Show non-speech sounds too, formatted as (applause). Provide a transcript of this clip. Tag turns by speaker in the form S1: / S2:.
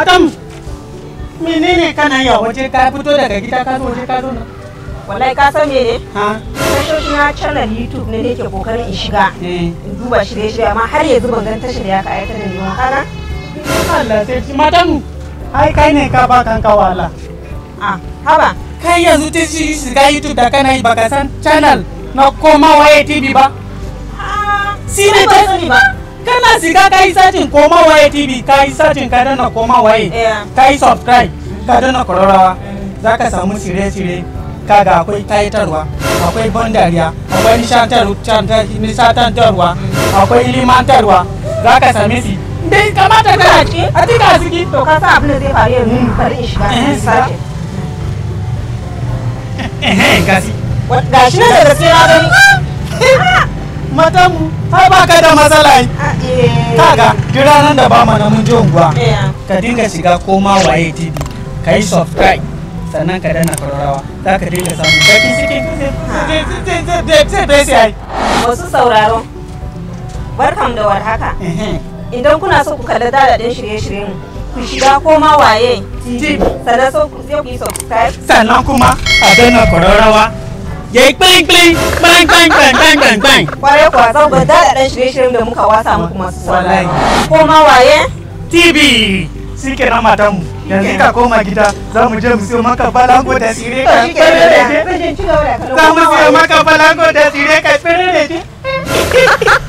S1: Madam, menene kana yi a waje ka fito daga gida ka zo waje ka zo na? Wallahi ka san mene? Ha? Tashoshi na channel YouTube ne da yake kokarin in shiga. Eh. In duba shirye-shirye amma har yanzu ban gan tashar ya ka aikata da yawan kana. Allah sai ci madam. Ai kai ne ka ba kanka wala.
S2: Ah, haba. Kai yanzu ta shiga YouTube da kana yi baka san channel na koma waye TV ba. Ah, sine ba sani ba. kana siga ka yi satin koma waye tv ka yi satin ka dana koma waye kai subscribe ka dana kwararrawa za ka samu shirye-shirye kaga akwai taitarwa akwai bandariya akwai nishatantarwa akwai limantarwa za ka same su
S1: dai kamata k'a ciki a ciki to ka sa abin da zai faru yanzu hmm. bari in shiga eh, in sace
S2: eh, gasi gashi ne da na don (laughs) matamu har ba da matsala ah, eh. kaga duk ranar da ba mu na mun je unguwa eh. ka dinga shiga koma waye tv ka yi subscribe sannan ka dana kwararrawa za ka dinga samun bakin
S1: cikin zai besi ai wasu sauraro barkam da warhaka idan kuna so ku kalli daɗaɗin shirye-shiryen ku shiga koma waye tv sannan so ku yi subscribe sannan kuma a dana kwararrawa ya yi bling bling bang bang bang bang bang bang kwarai kwa zan ba da dan shirye-shiryen da muka wasa muku masu wallahi ko ma waye tv sike na matan mu yanzu ka koma gida za mu je mu siyo maka
S2: balango da tsire ka
S1: za mu siyo maka balango da tsire ka tsire
S2: da